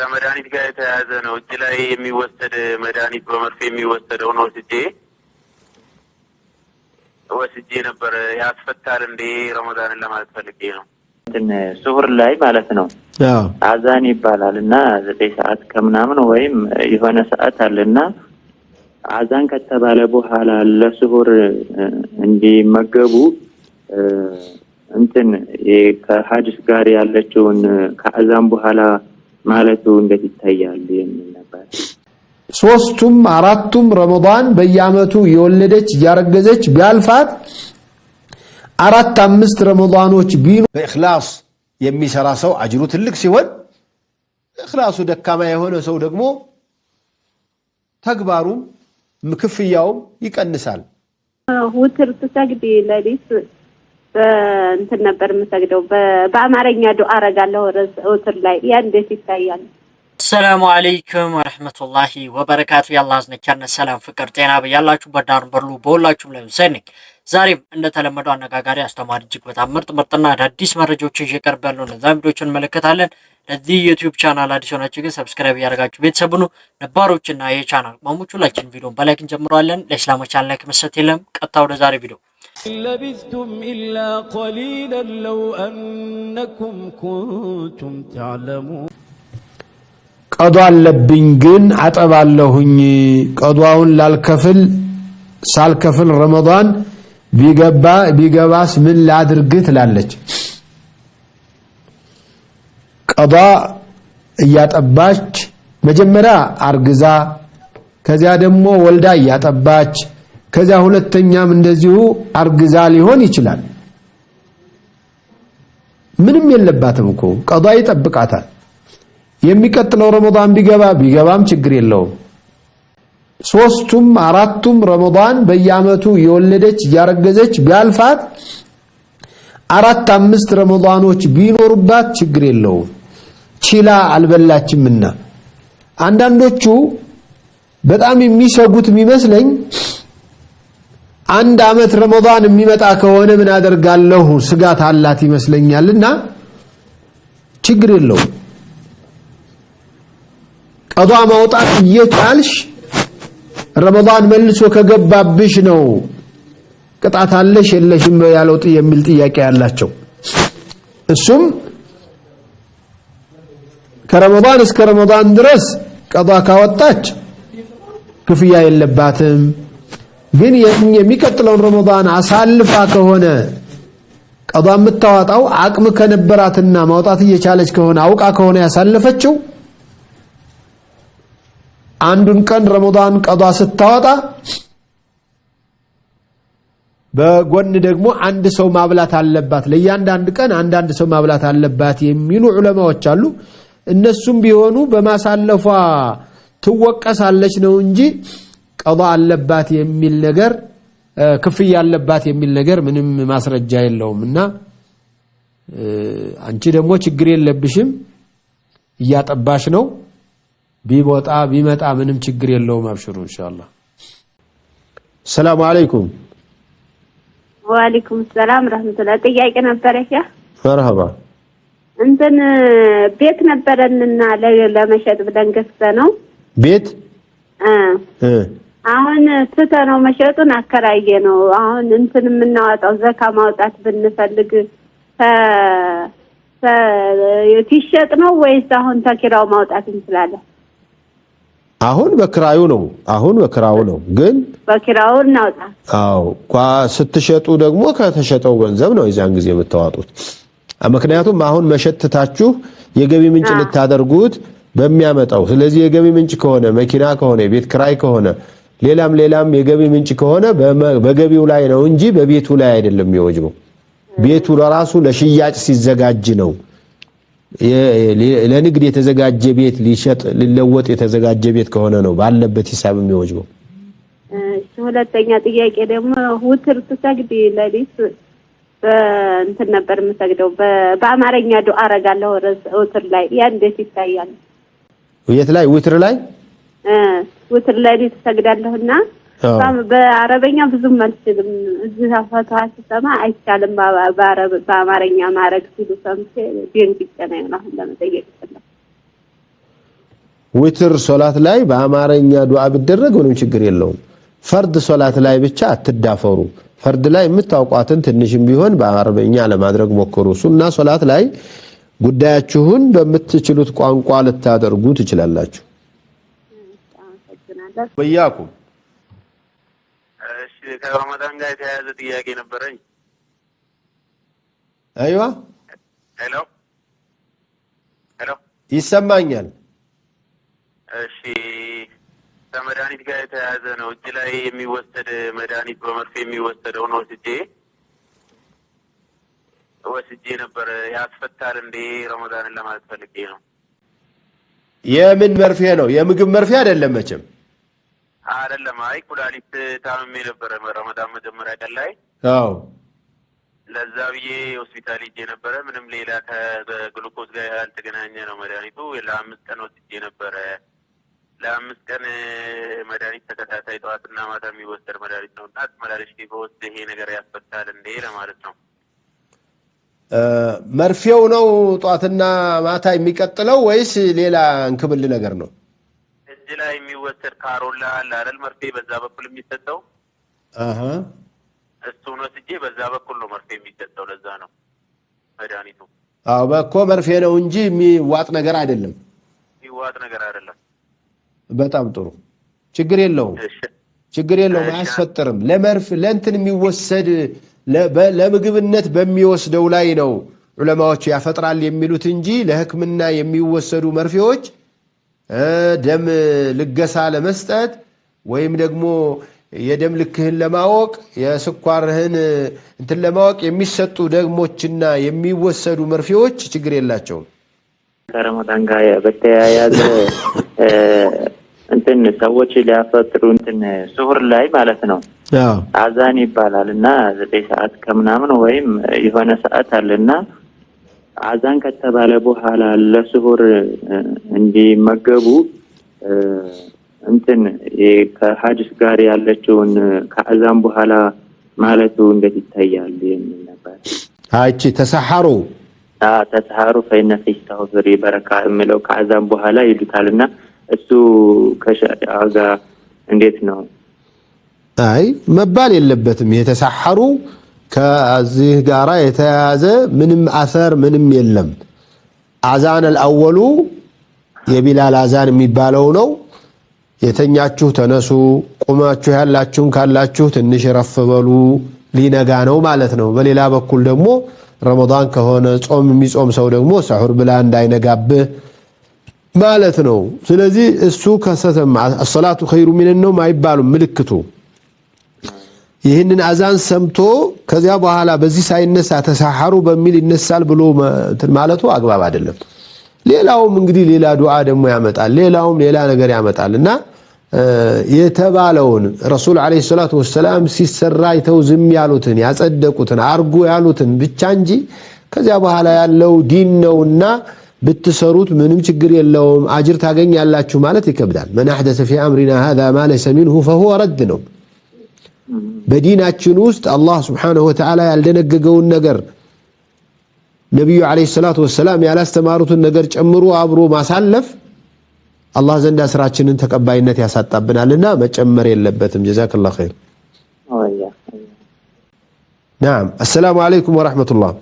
ከመድኃኒት ጋር የተያያዘ ነው። እጅ ላይ የሚወሰድ መድኃኒት በመርፌ ነው ወስጄ ወስጄ ነበር። ያስፈታል እንዴ? ረመዳንን ለማለት ፈልጌ ነው። ስሁር ላይ ማለት ነው አዛን ይባላል እና ዘጠኝ ሰዓት ከምናምን ወይም የሆነ ሰዓት እና አዛን ከተባለ በኋላ ለስሁር እንዲመገቡ እንትን ከሀዲስ ጋር ያለችውን ከአዛን በኋላ ማለቱ እንዴት ይታያል የሚል ነበር። ሶስቱም አራቱም ረመዳን በየአመቱ የወለደች እያረገዘች ቢያልፋት አራት አምስት ረመዳኖች ቢኑ በእክላስ የሚሰራ ሰው አጅሩ ትልቅ ሲሆን እክላሱ ደካማ የሆነ ሰው ደግሞ ተግባሩም ክፍያውም ይቀንሳል። ውትር ተሳግዴ ለሊት እንትን ነበር የምሰግደው በአማርኛ ዱዓ አረጋለሁ ዘወትር ላይ። ያ እንዴት ይታያል? አሰላሙ አለይኩም ወረህመቱላሂ ወበረካቱ። የአላህ እዝነት ሰላም፣ ፍቅር፣ ጤና በያላችሁ ዳር በሉ በሁላችሁም ላይ ውሰንኝ። ዛሬም እንደተለመደው አነጋጋሪ፣ አስተማሪ እጅግ በጣም ምርጥ ምርጥና አዳዲስ መረጃዎችን እየቀርብ ያለው ነዛ ቪዲዮችን እንመለከታለን። ለዚህ ዩቲዩብ ቻናል አዲስ ሆናችሁ ግን ሰብስክራይብ እያደረጋችሁ ቤተሰብ ሁኑ። ነባሮችና ይህ ቻናል ቅመሞች ሁላችን ቪዲዮን በላይክ እንጀምረዋለን። ለእስላሞች ቻናል ላይክ መሰት የለም። ቀጥታ ወደ ዛሬ ቪዲዮ ለቢስቱም ኢላ ቀሊለን ለው አነኩም ኩንቱም ተዕለሙን። ቀዷ አለብኝ ግን አጠባለሁኝ። ቀዷውን ላልከፍል ሳልከፍል ረመዷን ቢገባ ቢገባስ ምን ላድርግ ትላለች። ቀዷ እያጠባች መጀመሪያ አርግዛ ከዚያ ደግሞ ወልዳ እያጠባች ከዚያ ሁለተኛም እንደዚሁ አርግዛ ሊሆን ይችላል። ምንም የለባትም እኮ ቀዷ ይጠብቃታል። የሚቀጥለው ረመዳን ቢገባ ቢገባም ችግር የለውም። ሶስቱም አራቱም ረመዳን በየአመቱ የወለደች እያረገዘች ቢያልፋት አራት አምስት ረመዳኖች ቢኖሩባት ችግር የለውም። ችላ አልበላችምና አንዳንዶቹ በጣም የሚሰጉት የሚመስለኝ አንድ ዓመት ረመዳን የሚመጣ ከሆነ ምን አደርጋለሁ ስጋት አላት ይመስለኛልና ችግር የለው። ቀዷ ማውጣት እየቻልሽ ረመዳን መልሶ ከገባብሽ ነው ቅጣት አለሽ የለሽም ያለው የሚል ጥያቄ ያላቸው እሱም ከረመዳን እስከ ረመዳን ድረስ ቀዷ ካወጣች ክፍያ የለባትም። ግን የሚቀጥለውን ረመዳን አሳልፋ ከሆነ ቀዷ የምታዋጣው አቅም ከነበራትና ማውጣት እየቻለች ከሆነ አውቃ ከሆነ ያሳለፈችው አንዱን ቀን ረመዳን ቀዷ ስታወጣ በጎን ደግሞ አንድ ሰው ማብላት አለባት፣ ለእያንዳንድ ቀን አንዳንድ ሰው ማብላት አለባት የሚሉ ዑለማዎች አሉ። እነሱም ቢሆኑ በማሳለፏ ትወቀሳለች ነው እንጂ ቀዷ አለባት የሚል ነገር ክፍያ አለባት የሚል ነገር ምንም ማስረጃ የለውም። እና አንቺ ደግሞ ችግር የለብሽም እያጠባሽ ነው ቢቦጣ ቢመጣ ምንም ችግር የለውም። አብሽሩ ኢንሻአላህ። ሰላም አለይኩም። ወአለይኩም ሰላም ረህመቱላህ። ጥያቄ ነበረ ያ መርሐባ። እንትን ቤት ነበረንና ለመሸጥ ብለን ገዝተነው ቤት አሁን ትተ ነው መሸጡን አከራየ ነው። አሁን እንትን የምናወጣው ዘካ ማውጣት ብንፈልግ ቲሸጥ ነው ወይስ አሁን ተኪራው ማውጣት እንችላለን? አሁን በክራዩ ነው። አሁን በክራዩ ነው፣ ግን በክራዩ እናውጣ። አዎ ስትሸጡ ደግሞ ከተሸጠው ገንዘብ ነው የዚያን ጊዜ የምታዋጡት። ምክንያቱም አሁን መሸጥታችሁ የገቢ ምንጭ ልታደርጉት በሚያመጣው ስለዚህ የገቢ ምንጭ ከሆነ መኪና ከሆነ የቤት ክራይ ከሆነ ሌላም ሌላም የገቢ ምንጭ ከሆነ በገቢው ላይ ነው እንጂ በቤቱ ላይ አይደለም የሚወጅበው። ቤቱ ለራሱ ለሽያጭ ሲዘጋጅ ነው። ለንግድ የተዘጋጀ ቤት ሊሸጥ ሊለወጥ የተዘጋጀ ቤት ከሆነ ነው ባለበት ሂሳብ የሚወጅበው። ሁለተኛ ጥያቄ ደግሞ ውትር ስሰግድ ለሊት በእንትን ነበር የምሰግደው በአማርኛ ዱዓ አረጋለሁ ውትር ላይ ያ እንዴት ይታያል? የት ላይ ውትር ላይ ውትር ለሊት እሰግዳለሁና በአረበኛ ብዙም አልችልም። እዚህ አፈቷ ስሰማ አይቻልም በአማርኛ ማድረግ ሲሉ ሰምቼ ደንግጬ ነው አሁን ለመጠየቅ ይችላል። ዊትር ሶላት ላይ በአማርኛ ዱዓ ቢደረግ ምንም ችግር የለውም። ፈርድ ሶላት ላይ ብቻ አትዳፈሩ። ፈርድ ላይ የምታውቋትን ትንሽም ቢሆን በአረበኛ ለማድረግ ሞክሩ። ሱና ሶላት ላይ ጉዳያችሁን በምትችሉት ቋንቋ ልታደርጉ ትችላላችሁ። ትችላለህ? ወያኩም እሺ። ከረመዳን ጋር የተያያዘ ጥያቄ ነበረኝ። አይዋ ሄሎ፣ ሄሎ፣ ይሰማኛል። እሺ፣ ከመድኃኒት ጋር የተያያዘ ነው። እጅ ላይ የሚወሰድ መድኃኒት በመርፌ ነው ወስጄ ወስጄ ነበር። ያስፈታል እንዴ? ረመዳንን ለማለት ፈልጌ ነው። የምን መርፌ ነው? የምግብ መርፌ አይደለም መቼም አይደለም። አይ ኩላሊት ታምሜ ነበረ ረመዳን መጀመሪያ ቀን ላይ። አዎ ለዛ ብዬ ሆስፒታል ሄጄ ነበረ። ምንም ሌላ ከግሉኮዝ ጋር ያልተገናኘ ነው መድኃኒቱ። ለአምስት ቀን ወስጄ ነበረ። ለአምስት ቀን መድኃኒት ተከታታይ ጠዋትና ማታ የሚወሰድ መድኃኒት ነው እና መድኃኒት በወስድ ይሄ ነገር ያስፈታል እንዴ ለማለት ነው። መርፌው ነው ጠዋትና ማታ የሚቀጥለው ወይስ ሌላ እንክብል ነገር ነው? እዚህ ላይ የሚወሰድ ካሮላ ላረል መርፌ በዛ በኩል የሚሰጠው እሱን ወስጄ በዛ በኩል ነው መርፌ የሚሰጠው። ለዛ ነው መድኃኒቱ። አዎ በኮ መርፌ ነው እንጂ የሚዋጥ ነገር አይደለም። የሚዋጥ ነገር አይደለም። በጣም ጥሩ ችግር የለውም። ችግር የለውም። አያስፈጥርም። ለመርፍ ለእንትን የሚወሰድ ለምግብነት በሚወስደው ላይ ነው ዑለማዎች ያፈጥራል የሚሉት እንጂ ለሕክምና የሚወሰዱ መርፌዎች ደም ልገሳ ለመስጠት ወይም ደግሞ የደም ልክህን ለማወቅ የስኳርህን እንትን ለማወቅ የሚሰጡ ደግሞችና የሚወሰዱ መርፌዎች ችግር የላቸውም። ከረመዳን ጋር በተያያዘ እንትን ሰዎች ሊያፈጥሩ እንትን ስሁር ላይ ማለት ነው አዛን ይባላል እና ዘጠኝ ሰዓት ከምናምን ወይም የሆነ ሰዓት አለና አዛን ከተባለ በኋላ ለስሁር እንዲመገቡ እንትን ከሀዲስ ጋር ያለችውን ከአዛን በኋላ ማለቱ እንዴት ይታያል የሚል ነበር። አይቺ ተሰሐሩ ተሰሐሩ ፈይነ ፊ ተውሪ በረካ የሚለው ከአዛን በኋላ ይሉታል እና እሱ ከሸሪዓ ጋር እንዴት ነው? አይ መባል የለበትም የተሰሐሩ ከዚህ ጋራ የተያያዘ ምንም አሰር ምንም የለም። አዛን አወሉ የቢላል አዛን የሚባለው ነው። የተኛችሁ ተነሱ፣ ቁማችሁ ያላችሁም ካላችሁ ትንሽ ረፍ በሉ፣ ሊነጋ ነው ማለት ነው። በሌላ በኩል ደግሞ ረመዳን ከሆነ ጾም የሚጾም ሰው ደግሞ ሰሑር ብላ እንዳይነጋብህ ማለት ነው። ስለዚህ እሱ ከሰተም አሰላቱ ኸይሩ ሚንን ነው አይባሉም። ምልክቱ ይህንን አዛን ሰምቶ ከዚያ በኋላ በዚህ ሳይነሳ ተሳሐሩ በሚል ይነሳል ብሎ ማለቱ አግባብ አይደለም። ሌላውም እንግዲህ ሌላ ዱዓ ደግሞ ያመጣል፣ ሌላውም ሌላ ነገር ያመጣል እና የተባለውን ረሱል ዓለይሂ ሰላቱ ወሰላም ሲሰራ አይተው ዝም ያሉትን ያጸደቁትን አርጉ ያሉትን ብቻ እንጂ ከዚያ በኋላ ያለው ዲን ነውና ብትሰሩት ምንም ችግር የለውም አጅር ታገኛላችሁ ማለት ይከብዳል። መን አሕደሰ ፊ አምሪና ሃዛ ማ ለይሰ ሚንሁ ፈሁወ ረድ ነው። በዲናችን ውስጥ አላህ ስብሓነሁ ወተዓላ ያልደነገገውን ነገር ነቢዩ ዓለይሂ ሰላቱ ወሰላም ያላስተማሩትን ነገር ጨምሮ አብሮ ማሳለፍ አላህ ዘንዳ ስራችንን ተቀባይነት ያሳጣብናልና መጨመር የለበትም። ጀዛከላሁ ኸይር። ናም። አሰላሙ አለይኩም ወረሕመቱላህ።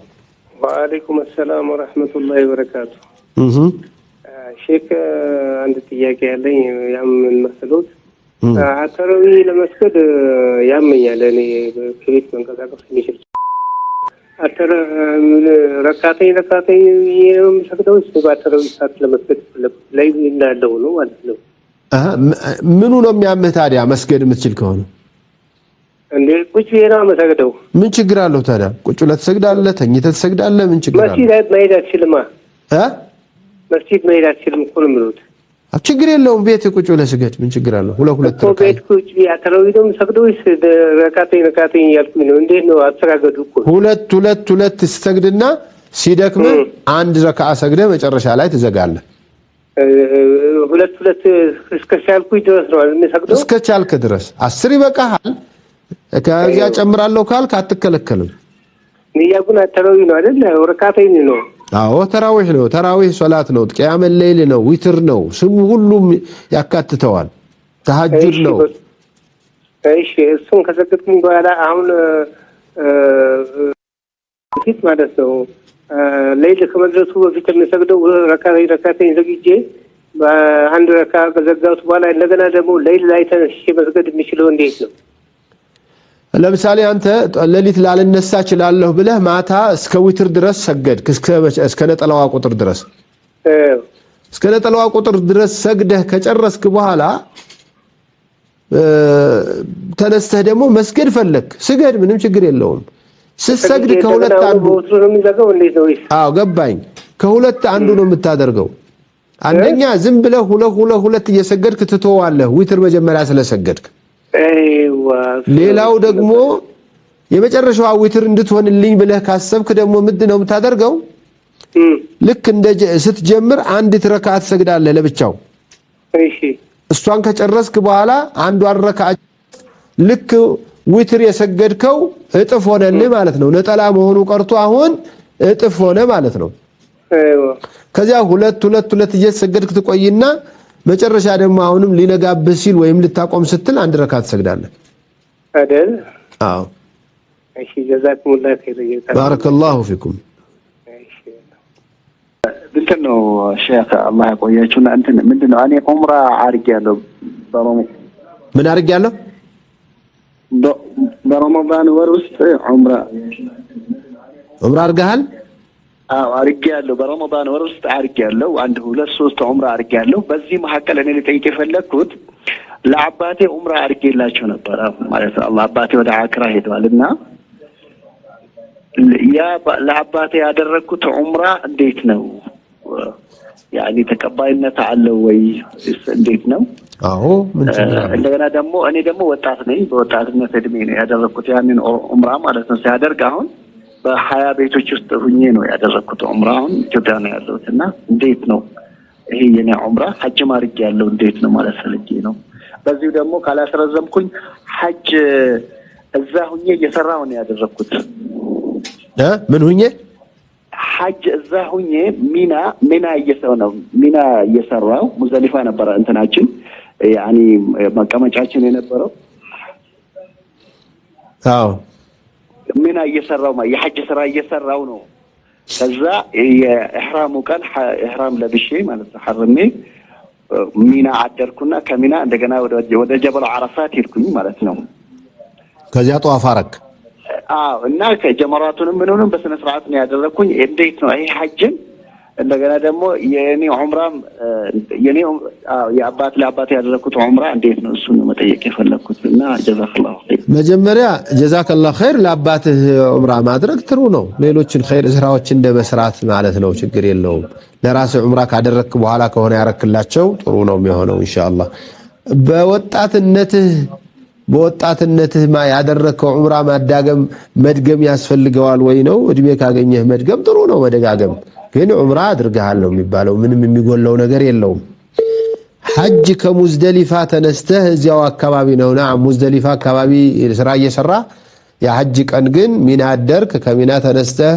ወአለይኩም አሰላም ወረሕመቱላሂ ወበረካቱ። ሼክ አንድ ጥያቄ ያለኝ ያም መስሎት አተራዊ ለመስገድ ያመኛል። እኔ ከቤት መንቀሳቀስ የሚችል አተረ ረካተኝ ረካተኝ የምሰግደው በአተራዊ ሰዓት ለመስገድ ላይ እንዳለው ነው ማለት ነው። ምኑ ነው የሚያምህ ታዲያ? መስገድ የምትችል ከሆነ እንዴ ቁጭ ብዬ ነው የምሰግደው። ምን ችግር አለው ታዲያ? ቁጭ ብለህ ትሰግዳለህ፣ ተኝተህ ትሰግዳለህ። ምን ችግር አለው? መስጊድ መሄድ አትችልማ እ መስጊድ መሄድ አትችልም እኮ ነው የምልህ ችግር የለውም። ቤት ቁጭ ብለህ ስገድ ምን ችግር አለው? ሁለት ሁለት ነው። ቤት ቁጭ ያከረውይደም ሰግዶይስ ረካተኝ ረካተኝ እያልኩኝ ነው። እንዴት ነው አስተጋገዱ? እኮ ሁለት ሁለት ሁለት ስትሰግድና ሲደክም አንድ ረካ ሰግደህ መጨረሻ ላይ ትዘጋለህ። ሁለት ሁለት እስከ ቻልኩኝ ድረስ ነው የምሰግደው። እስከ ቻልክ ድረስ አስር ይበቃሃል። ከዚያ ጨምራለሁ ካልክ አትከለከልም። ንያ ጉና ተራዊ ነው አይደል? ረካተኝ ነው አዎ ተራዊህ ነው። ተራዊህ ሶላት ነው። ቅያመ ሌይል ነው። ዊትር ነው። ስሙ ሁሉም ያካትተዋል። ተሐጁድ ነው። እሺ እሱን ከሰገድኩኝ በኋላ አሁን ፊት ማለት ነው ሌይል ከመድረሱ በፊት የሚሰግደው ረካተኝ ረካተኝ ዘግጄ በአንድ ረካ ከዘጋሁት በኋላ እንደገና ደግሞ ሌይል ላይ ተነስቼ መስገድ የሚችለው እንዴት ነው? ለምሳሌ አንተ ሌሊት ላልነሳ እችላለሁ ብለህ ማታ እስከ ዊትር ድረስ ሰገድክ፣ እስከ ነጠላዋ ቁጥር ድረስ እስከ ነጠላዋ ቁጥር ድረስ ሰግደህ ከጨረስክ በኋላ ተነስተህ ደግሞ መስገድ ፈለክ፣ ስገድ፣ ምንም ችግር የለውም። ስትሰግድ ከሁለት አንዱ አዎ፣ ገባኝ። ከሁለት አንዱ ነው የምታደርገው። አንደኛ ዝም ብለህ ሁለት ሁለት ሁለት እየሰገድክ ትተዋለህ፣ ዊትር መጀመሪያ ስለሰገድክ ሌላው ደግሞ የመጨረሻዋ ዊትር እንድትሆንልኝ ብለህ ካሰብክ ደግሞ ምንድን ነው የምታደርገው? ልክ እንደ ስትጀምር አንዲት ረካዓት ትሰግዳለህ ለብቻው። እሷን ከጨረስክ በኋላ አንዷን ረካዓት ልክ ዊትር የሰገድከው እጥፍ ሆነልህ ማለት ነው። ነጠላ መሆኑ ቀርቶ አሁን እጥፍ ሆነ ማለት ነው። ከዚያ ሁለት ሁለት ሁለት እየሰገድክ ትቆይና መጨረሻ ደግሞ አሁንም ሊነጋብህ ሲል ወይም ልታቆም ስትል አንድ ረካ ትሰግዳለህ አደል? አዎ። እሺ። ጀዛኩሙላህ ኸይር። ባረከላሁ ፊኩም። እንትን ነው ሼክ አላህ ያቆያችሁና እንትን ምንድን ነው እኔ ዑምራ አድርጌያለሁ። ምን አድርጌያለሁ? በረመዳን ወር ውስጥ ዑምራ ዑምራ አድርገሃል? አዎ አርጌ ያለው በረመዳን ወር ውስጥ አርጌ ያለው አንድ ሁለት ሶስት ዑምራ አርጌ ያለው። በዚህ መካከል እኔ ልጠይቅ የፈለግኩት ለአባቴ ዑምራ አርጌላቸው ነበረ ማለት ነው። አባቴ ወደ አክራ ሄደዋል እና ያ ለአባቴ ያደረግኩት ዑምራ እንዴት ነው? ያኔ ተቀባይነት አለው ወይ? እንዴት ነው? አዎ እንደገና ደግሞ እኔ ደግሞ ወጣት ነኝ፣ በወጣትነት እድሜ ነው ያደረግኩት ያንን ዑምራ ማለት ነው ሲያደርግ አሁን በሀያ ቤቶች ውስጥ ሁኜ ነው ያደረግኩት ዑምራ። አሁን ኢትዮጵያ ነው ያለሁት እና እንዴት ነው ይሄ የኔ ዑምራ ሀጅ አድርጌ ያለው እንዴት ነው ማለት ፈልጌ ነው። በዚሁ ደግሞ ካላስረዘምኩኝ ሀጅ እዛ ሁኜ እየሰራሁ ነው ያደረግኩት። ምን ሁኜ ሀጅ እዛ ሁኜ ሚና ሚና እየሰው ነው ሚና እየሰራው ሙዘሊፋ ነበረ እንትናችን ያኔ መቀመጫችን የነበረው አዎ ሚና እየሰራው የሐጅ ስራ እየሰራው ነው። ከዛ የእህራሙ ቀን እህራም ለብሼ ማለት ነው ሐርሜ ሚና አደርኩና ከሚና እንደገና ወደ ጀበል ዓረፋት ሄድኩኝ ማለት ነው። ከዚያ ጠዋፍ አረክ? አዎ። እና ከጀመራቱንም ምንሆንም በስነ ስርዓት ነው ያደረግኩኝ። እንዴት ነው ይሄ ሐጅን እንደገና ደግሞ የእኔ ዑምራም የኔ የአባት ለአባት ያደረግኩት ዑምራ እንዴት ነው? እሱን መጠየቅ የፈለግኩት እና ጀዛክላሁ ኸይር። መጀመሪያ ጀዛከላሁ ኸይር። ለአባትህ ዑምራ ማድረግ ጥሩ ነው። ሌሎችን ኸይር ስራዎች እንደ መስራት ማለት ነው። ችግር የለውም። ለራስህ ዑምራ ካደረግክ በኋላ ከሆነ ያረክላቸው ጥሩ ነው የሚሆነው ኢንሻአላህ። በወጣትነትህ በወጣትነትህ ያደረግከው ዑምራ ማዳገም መድገም ያስፈልገዋል ወይ ነው። እድሜ ካገኘህ መድገም ጥሩ ነው መደጋገም ግን ዑምራ አድርገሃል ነው የሚባለው። ምንም የሚጎለው ነገር የለውም። ሐጅ ከሙዝደሊፋ ተነስተህ እዚያው አካባቢ ነውና ሙዝደሊፋ አካባቢ ስራ እየሰራ የሐጅ ቀን ግን ሚና አደርክ። ከሚና ተነስተህ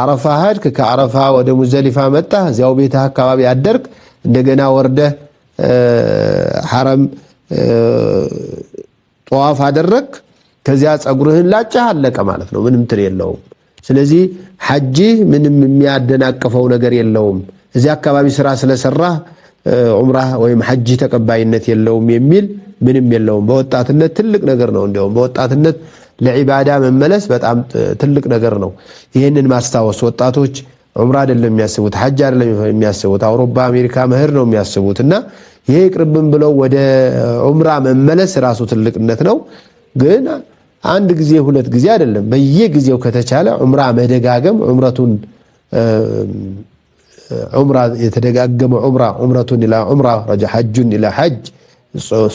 አረፋ ሄድክ። ከአረፋ ወደ ሙዝደሊፋ መጣህ። እዚያው ቤትህ አካባቢ አደርክ። እንደገና ወርደህ ሐረም ጠዋፍ አደረክ። ከዚያ ፀጉርህን ላጨህ፣ አለቀ ማለት ነው። ምንም ትል የለውም። ስለዚህ ሐጂ ምንም የሚያደናቅፈው ነገር የለውም። እዚህ አካባቢ ስራ ስለሰራ ዑምራ ወይም ሐጂ ተቀባይነት የለውም የሚል ምንም የለውም። በወጣትነት ትልቅ ነገር ነው። እንዲያውም በወጣትነት ለዒባዳ መመለስ በጣም ትልቅ ነገር ነው። ይህንን ማስታወስ ወጣቶች ዑምራ አይደለም የሚያስቡት፣ ሐጅ አይደለም የሚያስቡት፣ አውሮፓ አሜሪካ መሄድ ነው የሚያስቡት እና ይሄ ቅርብም ብለው ወደ ዑምራ መመለስ ራሱ ትልቅነት ነው ግን አንድ ጊዜ ሁለት ጊዜ አይደለም፣ በየጊዜው ከተቻለ ዑምራ መደጋገም ዑምራቱን ዑምራ የተደጋገመ ዑምራ ዑምራቱን ኢላ ዑምራ ረጃ ሐጁን ኢላ ሐጅ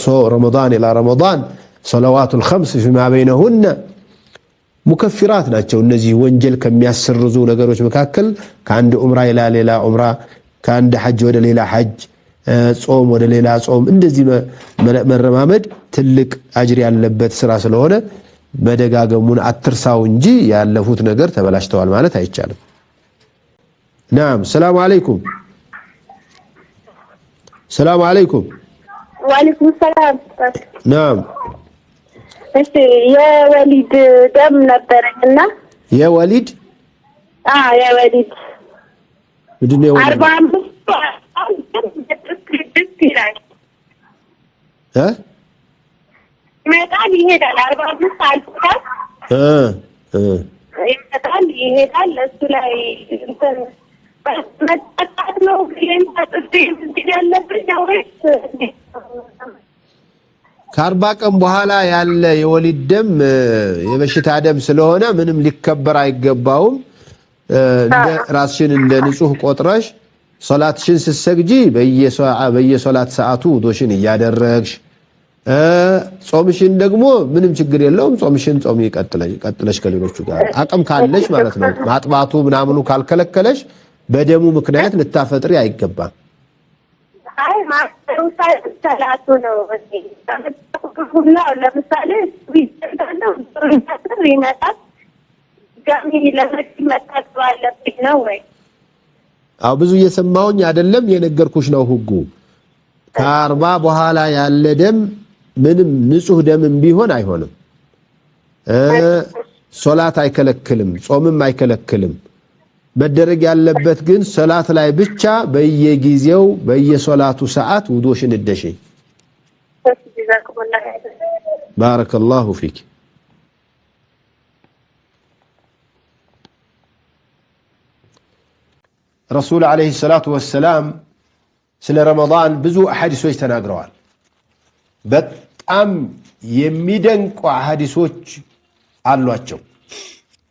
ሶ ረመዳን ኢላ ረመዳን ሰለዋቱል ኸምስ ፊማ በይነሁነ ሙከፊራት ናቸው። እነዚህ ወንጀል ከሚያሰርዙ ነገሮች መካከል ከአንድ ዑምራ ኢላ ሌላ ዑምራ፣ ከአንድ ሐጅ ወደ ሌላ ሐጅ፣ ጾም ወደ ሌላ ጾም፣ እንደዚህ መረማመድ ትልቅ አጅር ያለበት ስራ ስለሆነ መደጋገሙን አትርሳው እንጂ ያለፉት ነገር ተበላሽተዋል ማለት አይቻልም። ናም ሰላም አለይኩም ሰላም አለይኩም ወአለይኩም ሰላም። ናም እሺ፣ የወሊድ ደም ነበረኝና የወሊድ አ የወሊድ ምንድን ነው የወሊድ ይመጣል ይሄዳል። አርባ አምስት አልፎታል ይመጣል ይሄዳል። እሱ ላይ መጠጣት ነው ያለብን ወይስ ከአርባ ቀን በኋላ ያለ የወሊድ ደም የበሽታ ደም ስለሆነ ምንም ሊከበር አይገባውም። ራስሽን እንደ ንጹህ ቆጥረሽ ሶላትሽን ስትሰግጂ በየሶላት ሰዓቱ ውዶሽን እያደረግሽ ጾምሽን ደግሞ ምንም ችግር የለውም። ጾምሽን ጾም ቀጥለሽ ከሌሎቹ ጋር አቅም ካለሽ ማለት ነው። ማጥባቱ ምናምኑ ካልከለከለሽ በደሙ ምክንያት ልታፈጥሪ አይገባም። ለምሳሌ ይመጣል ጋሚ ነው ወይ? አዎ ብዙ እየሰማውኝ አይደለም፣ የነገርኩሽ ነው ህጉ ከአርባ በኋላ ያለ ደም ምንም ንጹህ ደምም ቢሆን አይሆንም። ሶላት አይከለክልም፣ ጾምም አይከለክልም። መደረግ ያለበት ግን ሶላት ላይ ብቻ በየጊዜው በየሶላቱ ሰዓት ውዶሽን እደሽ። ባረከላሁ ፊክ። ረሱል ዓለይሂ ሰላቱ ወሰላም ስለ ረመዳን ብዙ አሐዲሶች ተናግረዋል። በጣም የሚደንቁ ሀዲሶች አሏቸው።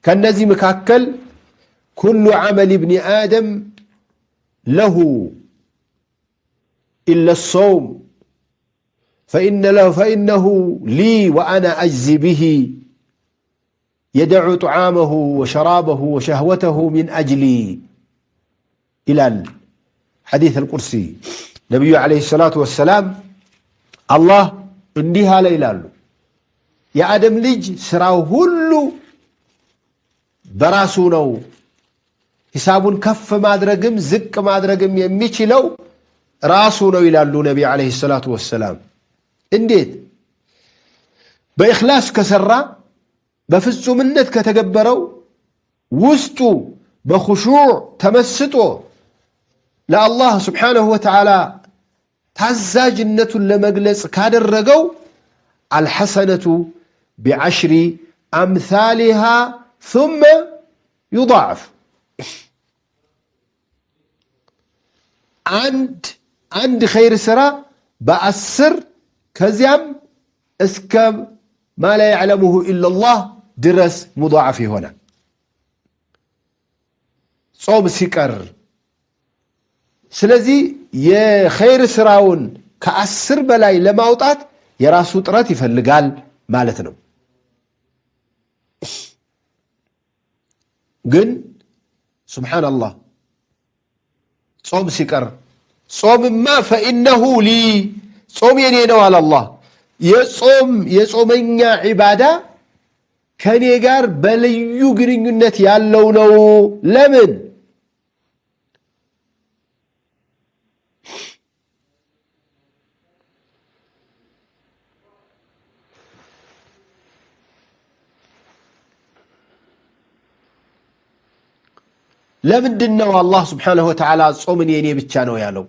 ከነዚህ መካከል ኩሉ ዐመል እብኒ አደም ለሁ ኢለ ሶውም ፈኢነሁ ሊ ወአና አጅዚ ብሂ የደዑ ጣዓመሁ ወሸራበሁ ወሸህወተሁ ሚን አጅሊ ይላል ሐዲስ አልቁርሲ ነቢዩ ዓለይሂ ሰላቱ ወሰላም አላህ እንዲህ አለ ይላሉ። የአደም ልጅ ስራው ሁሉ በራሱ ነው። ሂሳቡን ከፍ ማድረግም ዝቅ ማድረግም የሚችለው ራሱ ነው ይላሉ ነቢይ ዓለይሂ ሰላቱ ወሰላም። እንዴት? በእኽላስ ከሰራ በፍጹምነት ከተገበረው ውስጡ በኹሹዕ ተመስጦ ለአላህ ስብሓነሁ ወተዓላ ታዛዥነቱን ለመግለጽ ካደረገው አልሐሰነቱ ቢዐሽሪ አምሳሊሃ ሱመ ዩضዓፍ አንድ አንድ ኸይር ስራ በአስር ከዚያም እስከ ማላ ያዕለሙሁ ኢላላህ ድረስ ሙضዓፍ ይሆናል። ጾም ሲቀር ስለዚህ የኸይር ስራውን ከአስር በላይ ለማውጣት የራሱ ጥረት ይፈልጋል ማለት ነው። ግን ሱብሓነላህ ጾም ሲቀር ጾምማ ፈኢነሁ ሊ ጾም የኔ ነው አላላህ። የጾም የጾመኛ ዒባዳ ከእኔ ጋር በልዩ ግንኙነት ያለው ነው። ለምን ለምንድን ነው አላህ ስብሓነሁ ወተዓላ ጾምን የእኔ ብቻ ነው ያለው?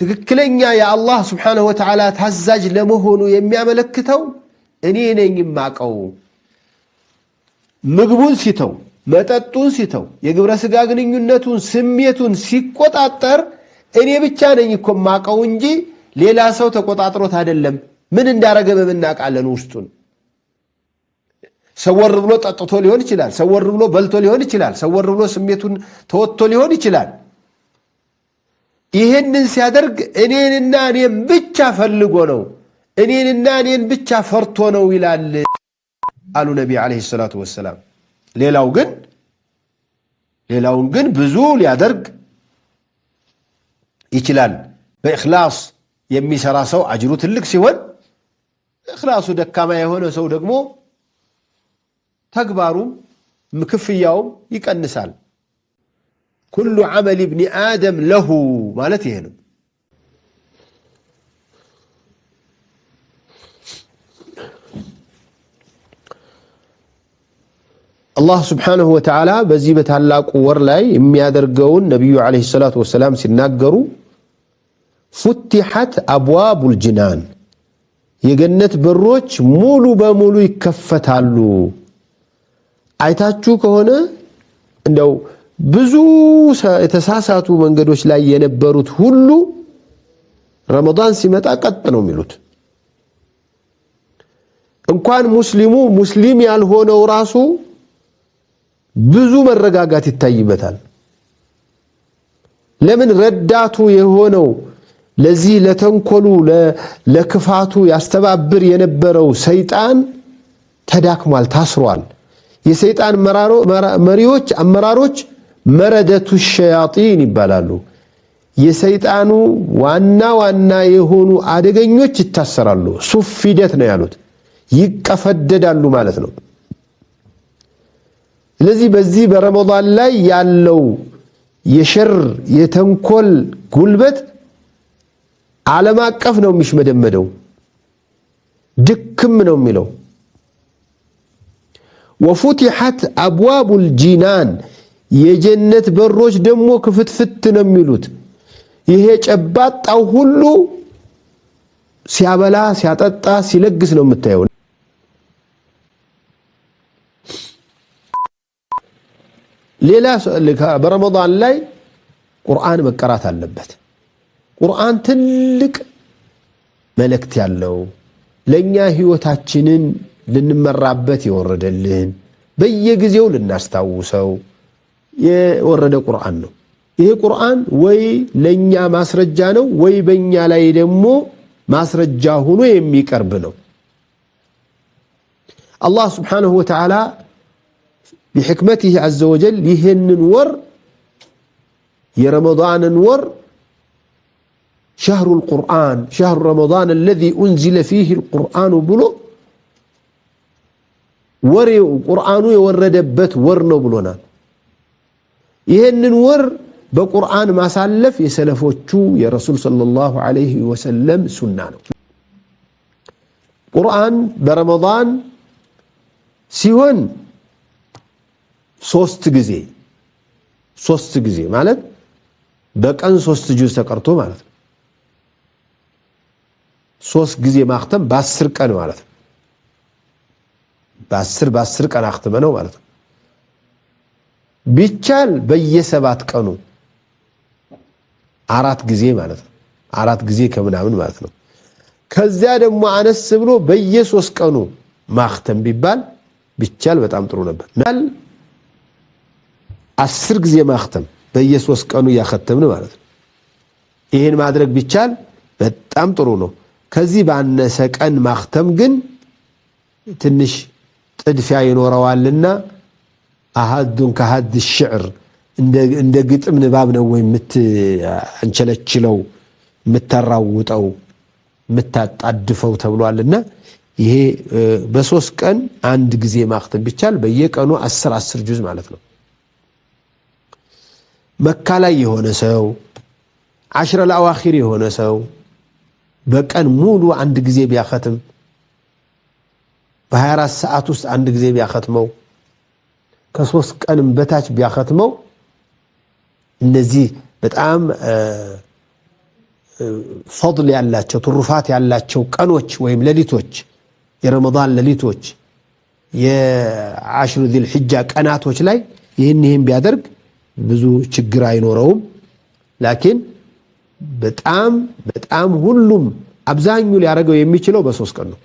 ትክክለኛ የአላህ ስብሓነሁ ወተዓላ ታዛዥ ለመሆኑ የሚያመለክተው እኔ ነኝ የማቀው። ምግቡን ሲተው፣ መጠጡን ሲተው፣ የግብረ ሥጋ ግንኙነቱን፣ ስሜቱን ሲቆጣጠር እኔ ብቻ ነኝ እኮ የማቀው እንጂ ሌላ ሰው ተቆጣጥሮት አይደለም። ምን እንዳረገ በምናቃለን ውስጡን ሰወር ብሎ ጠጥቶ ሊሆን ይችላል። ሰወር ብሎ በልቶ ሊሆን ይችላል። ሰወር ብሎ ስሜቱን ተወጥቶ ሊሆን ይችላል። ይህንን ሲያደርግ እኔንና እኔን ብቻ ፈልጎ ነው፣ እኔንና እኔን ብቻ ፈርቶ ነው ይላል አሉ ነቢ ዓለይሂ ሰላቱ ወሰላም። ሌላው ግን ሌላውን ግን ብዙ ሊያደርግ ይችላል። በእኽላስ የሚሰራ ሰው አጅሩ ትልቅ ሲሆን፣ እኽላሱ ደካማ የሆነ ሰው ደግሞ ተግባሩም ክፍያውም ይቀንሳል። ኩሉ ዐመል ብኒ አደም ለሁ ማለት ይሄ ነው። አላህ ስብሓነሁ ወተዓላ በዚህ በታላቁ ወር ላይ የሚያደርገውን ነቢዩ ዓለይሂ ሰላቱ ወሰላም ሲናገሩ ፉቲሐት አብዋቡል ጅናን የገነት በሮች ሙሉ በሙሉ ይከፈታሉ። አይታችሁ ከሆነ እንደው ብዙ የተሳሳቱ መንገዶች ላይ የነበሩት ሁሉ ረመዳን ሲመጣ ቀጥ ነው የሚሉት። እንኳን ሙስሊሙ ሙስሊም ያልሆነው ራሱ ብዙ መረጋጋት ይታይበታል። ለምን ረዳቱ የሆነው ለዚህ ለተንኮሉ ለክፋቱ ያስተባብር የነበረው ሰይጣን ተዳክሟል፣ ታስሯል። የሰይጣን መሪዎች አመራሮች መረደቱ ሸያጢን ይባላሉ። የሰይጣኑ ዋና ዋና የሆኑ አደገኞች ይታሰራሉ። ሱፍ ሂደት ነው ያሉት፣ ይቀፈደዳሉ ማለት ነው። ስለዚህ በዚህ በረመዳን ላይ ያለው የሸር የተንኮል ጉልበት ዓለም አቀፍ ነው የሚሽመደመደው፣ ድክም ነው የሚለው። ወፉቲሐት አብዋቡል ጂናን የጀነት በሮች ደግሞ ክፍትፍት ነው የሚሉት። ይሄ ጨባጣው ሁሉ ሲያበላ ሲያጠጣ ሲለግስ ነው የምታየው። ሌላ በረመዳን ላይ ቁርአን መቀራት አለበት። ቁርአን ትልቅ መልእክት ያለው ለእኛ ህይወታችንን ልንመራበት የወረደልን በየጊዜው ልናስታውሰው የወረደ ቁርአን ነው። ይሄ ቁርአን ወይ ለእኛ ማስረጃ ነው፣ ወይ በእኛ ላይ ደግሞ ማስረጃ ሆኖ የሚቀርብ ነው። አላህ ስብሓነሁ ወተዓላ ቢሕክመትህ ዐዘ ወጀል ይህንን ወር የረመዳንን ወር ሸህሩል ቁርአን ሸህሩ ረመዳን አለዚ ኡንዚለ ፊህ አልቁርአኑ ብሎ ወሬው ቁርአኑ የወረደበት ወር ነው ብሎናል። ይህንን ወር በቁርአን ማሳለፍ የሰለፎቹ የረሱል ሰለላሁ ዐለይሂ ወሰለም ሱና ነው። ቁርአን በረመዳን ሲሆን ሶስት ጊዜ ሶስት ጊዜ ማለት በቀን ሶስት ጁዝ ተቀርቶ ማለት ነው። ሶስት ጊዜ ማክተም በአስር ቀን ማለት ነው። በአስር በአስር ቀን አክትመ ነው ማለት ነው። ቢቻል በየሰባት ቀኑ አራት ጊዜ ማለት ነው። አራት ጊዜ ከምናምን ማለት ነው። ከዚያ ደግሞ አነስ ብሎ በየሶስት ቀኑ ማክተም ቢባል ቢቻል በጣም ጥሩ ነበር። ናል አስር ጊዜ ማክተም በየሶስት ቀኑ እያከተምን ማለት ነው። ይህን ማድረግ ቢቻል በጣም ጥሩ ነው። ከዚህ ባነሰ ቀን ማክተም ግን ትንሽ ጥድፊያ ይኖረዋልና አሃዱን ከሀድ ሽዕር እንደ ግጥም ንባብ ነው ወይ የምትንቸለችለው የምታራውጠው የምታጣድፈው ተብሏልና ይሄ በሶስት ቀን አንድ ጊዜ ማክተም ቢቻል በየቀኑ አስር አስር ጁዝ ማለት ነው። መካ ላይ የሆነ ሰው አሽረ ለአዋኺር የሆነ ሰው በቀን ሙሉ አንድ ጊዜ ቢያከትም በ24 ሰዓት ውስጥ አንድ ጊዜ ቢያከትመው ከሶስት ቀንም በታች ቢያከትመው እነዚህ በጣም ፈድል ያላቸው ትሩፋት ያላቸው ቀኖች ወይም ሌሊቶች የረመዳን ሌሊቶች የአሽሩ ዚል ሕጃ ቀናቶች ላይ ይህን ይህን ቢያደርግ ብዙ ችግር አይኖረውም። ላኪን በጣም በጣም ሁሉም አብዛኙ ሊያደርገው የሚችለው በሶስት ቀን ነው።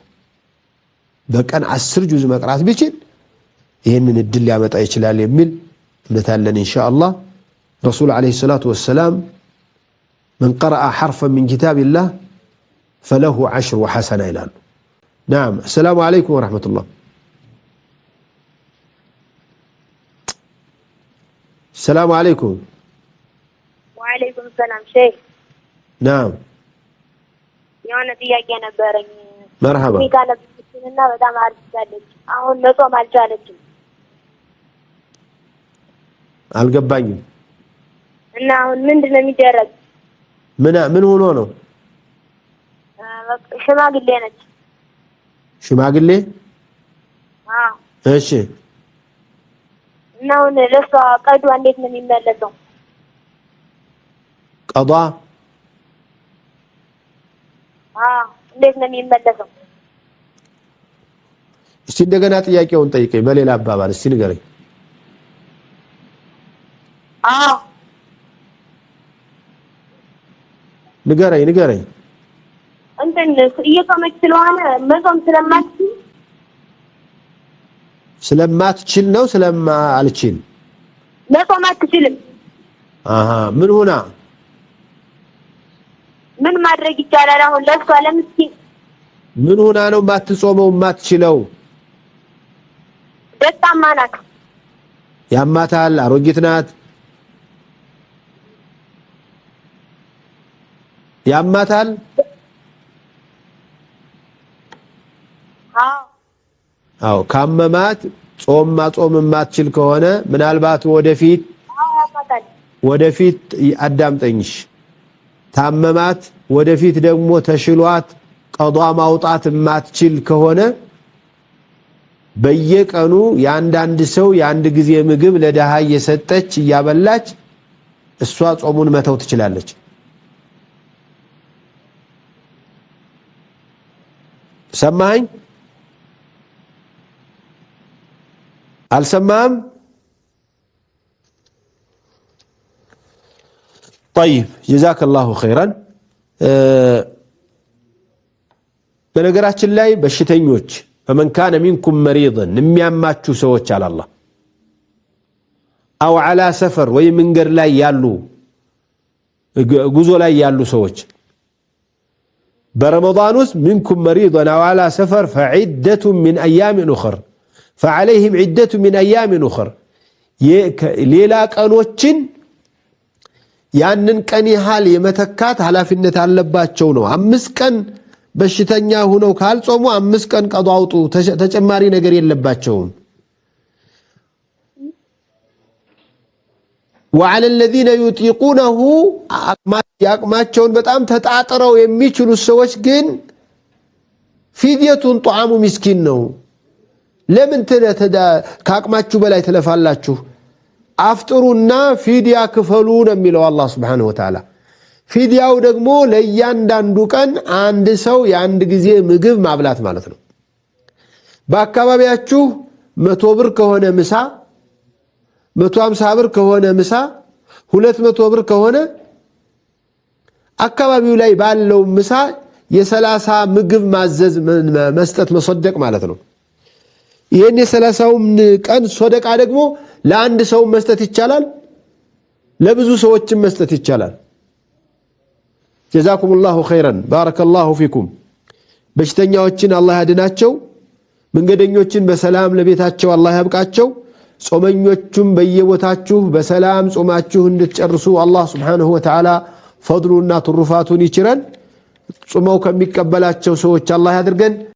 በቀን አስር ጁዝ መቅራት ቢችል ይህንን እድል ሊያመጣ ይችላል የሚል እምነት አለን። ኢንሻአላህ ረሱል ዓለይሂ ሰላቱ ወሰላም መን ቀረአ ሐርፈን ሚን ኪታቢላህ ፈለሁ ዓሽሩ ሐሰና ይላሉ። ናም አሰላሙ ዓለይኩም ወረሕመቱላህ። ሰላሙ ዓለይኩም ወዓለይኩም ሰላም። ሼህ ናም፣ የሆነ ጥያቄ ነበረኝ። መርሐባ እና በጣም አርጅታለች። አሁን መጾም አልቻለችም። አልገባኝም። እና አሁን ምንድን ነው የሚደረግ? ምን ምን ሆኖ ነው? ሽማግሌ ነች። ሽማግሌ እሺ። እና አሁን ለሷ ቀዷ እንዴት ነው የሚመለሰው? ቀዷ እንዴት ነው የሚመለሰው? እስቲ እንደገና ጥያቄውን ጠይቀኝ። በሌላ አባባል እስቲ ንገረኝ። ንገረኝ፣ ንገረኝ። እንትን እየጾመች ስለሆነ መጾም ስለማትችል ስለማትችል ነው። ስለማ አልችል መጾም አትችልም። አሀ ምን ሆና ምን ማድረግ ይቻላል? አሁን ለሷ ለምስኪን ምን ሆና ነው የማትጾመው የማትችለው? ደስታማ ናት። ያማታል፣ አሮጊት ናት። ያማታል አዎ ካመማት ጾም ማጾም የማትችል ከሆነ ምናልባት ወደፊት ወደፊት አዳምጠኝሽ ታመማት ወደፊት ደግሞ ተሽሏት ቀዷ ማውጣት የማትችል ከሆነ በየቀኑ የአንዳንድ ሰው የአንድ ጊዜ ምግብ ለድሃ እየሰጠች እያበላች እሷ ጾሙን መተው ትችላለች። ሰማኸኝ? አልሰማህም? ጠይብ ጀዛከላሁ ኸይራን። በነገራችን ላይ በሽተኞች ፈመን ካነ ሚንኩም መሪድን የሚያማችሁ ሰዎች አላላ አው ዓላ ሰፈር ወይ መንገድ ላይ ያሉ ጉዞ ላይ ያሉ ሰዎች በረመዳን ውስጥ ሚንኩም መሪድን አው ዓላ ሰፈር ፈዒደቱ ሚን አያሚን ኡኽር ፈዓለይህም ዒደቱ ሚን አያሚን ኡኽር ሌላ ቀኖችን ያንን ቀን ያህል የመተካት ኃላፊነት አለባቸው ነው። አምስት ቀን በሽተኛ ሁነው ካልጾሙ አምስት ቀን ቀዶ አውጡ። ተጨማሪ ነገር የለባቸውም። ወዐለ ለዚነ ዩጢቁነሁ የአቅማቸውን በጣም ተጣጥረው የሚችሉ ሰዎች ግን ፊድየቱን ጧዓሙ ሚስኪን ነው። ለምን ከአቅማችሁ በላይ ትለፋላችሁ? አፍጥሩና ፊድያ ክፈሉ ነው የሚለው አላህ ሱብሓነሁ ወተዓላ ፊዲያው ደግሞ ለእያንዳንዱ ቀን አንድ ሰው የአንድ ጊዜ ምግብ ማብላት ማለት ነው። በአካባቢያችሁ መቶ ብር ከሆነ ምሳ፣ መቶ ሃምሳ ብር ከሆነ ምሳ፣ ሁለት መቶ ብር ከሆነ አካባቢው ላይ ባለው ምሳ የሰላሳ ምግብ ማዘዝ መስጠት መሰደቅ ማለት ነው። ይህን የሰላሳውን ቀን ሶደቃ ደግሞ ለአንድ ሰው መስጠት ይቻላል፣ ለብዙ ሰዎችም መስጠት ይቻላል። ጀዛኩም ላሁ ኸይረን ባረከላሁ ፊኩም። በሽተኛዎችን አላህ ያድናቸው፣ መንገደኞችን በሰላም ለቤታቸው አላህ ያብቃቸው። ጾመኞቹም በየቦታችሁ በሰላም ጾማችሁ እንድትጨርሱ አላህ ስብሓነሁ ወተዓላ ፈድሉና ትሩፋቱን ይችረን። ጾመው ከሚቀበላቸው ሰዎች አላህ ያድርገን።